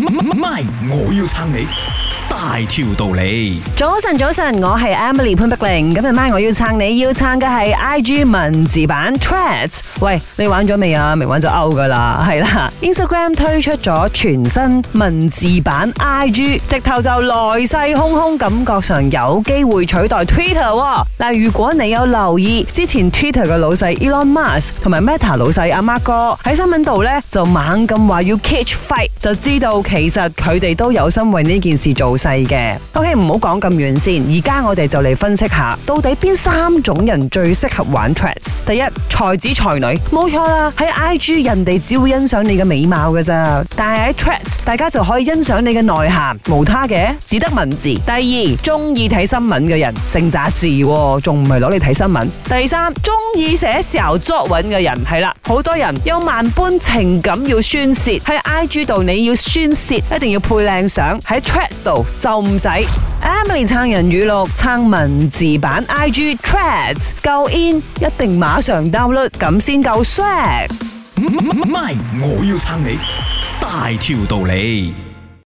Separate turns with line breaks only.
MY，我要撐你。大條道理，
早晨早晨，我係 Emily 潘碧玲，今日晚我要撐你要撐嘅係 IG 文字版 Threads，喂，你玩咗未啊？未玩就 out 噶啦，係啦，Instagram 推出咗全新文字版 IG，直頭就來勢洶洶，感覺上有機會取代 Twitter。嗱、呃，如果你有留意之前 Twitter 嘅老細 Elon Musk 同埋 Meta 老細阿 Mark 哥喺新聞度咧，就猛咁話要 catch fight，就知道其實佢哋都有心為呢件事做係嘅，OK，唔好講咁遠先。而家我哋就嚟分析一下，到底邊三種人最適合玩 Threads？第一，才子才女，冇錯啦。喺 IG 人哋只會欣賞你嘅美貌噶咋，但係喺 Threads，大家就可以欣賞你嘅內涵，無他嘅，只得文字。第二，中意睇新聞嘅人，成紮字，仲唔係攞嚟睇新聞？第三，中意寫時候作文嘅人，係啦，好多人有萬般情感要宣泄，喺 IG 度你要宣泄，一定要配靚相，喺 Threads 度。就唔使 Emily 撐人語錄，撐文字版 IG Threads 夠 in，一定馬上 download
咁先夠帥。咪、嗯嗯嗯，我要撐你，大條道理。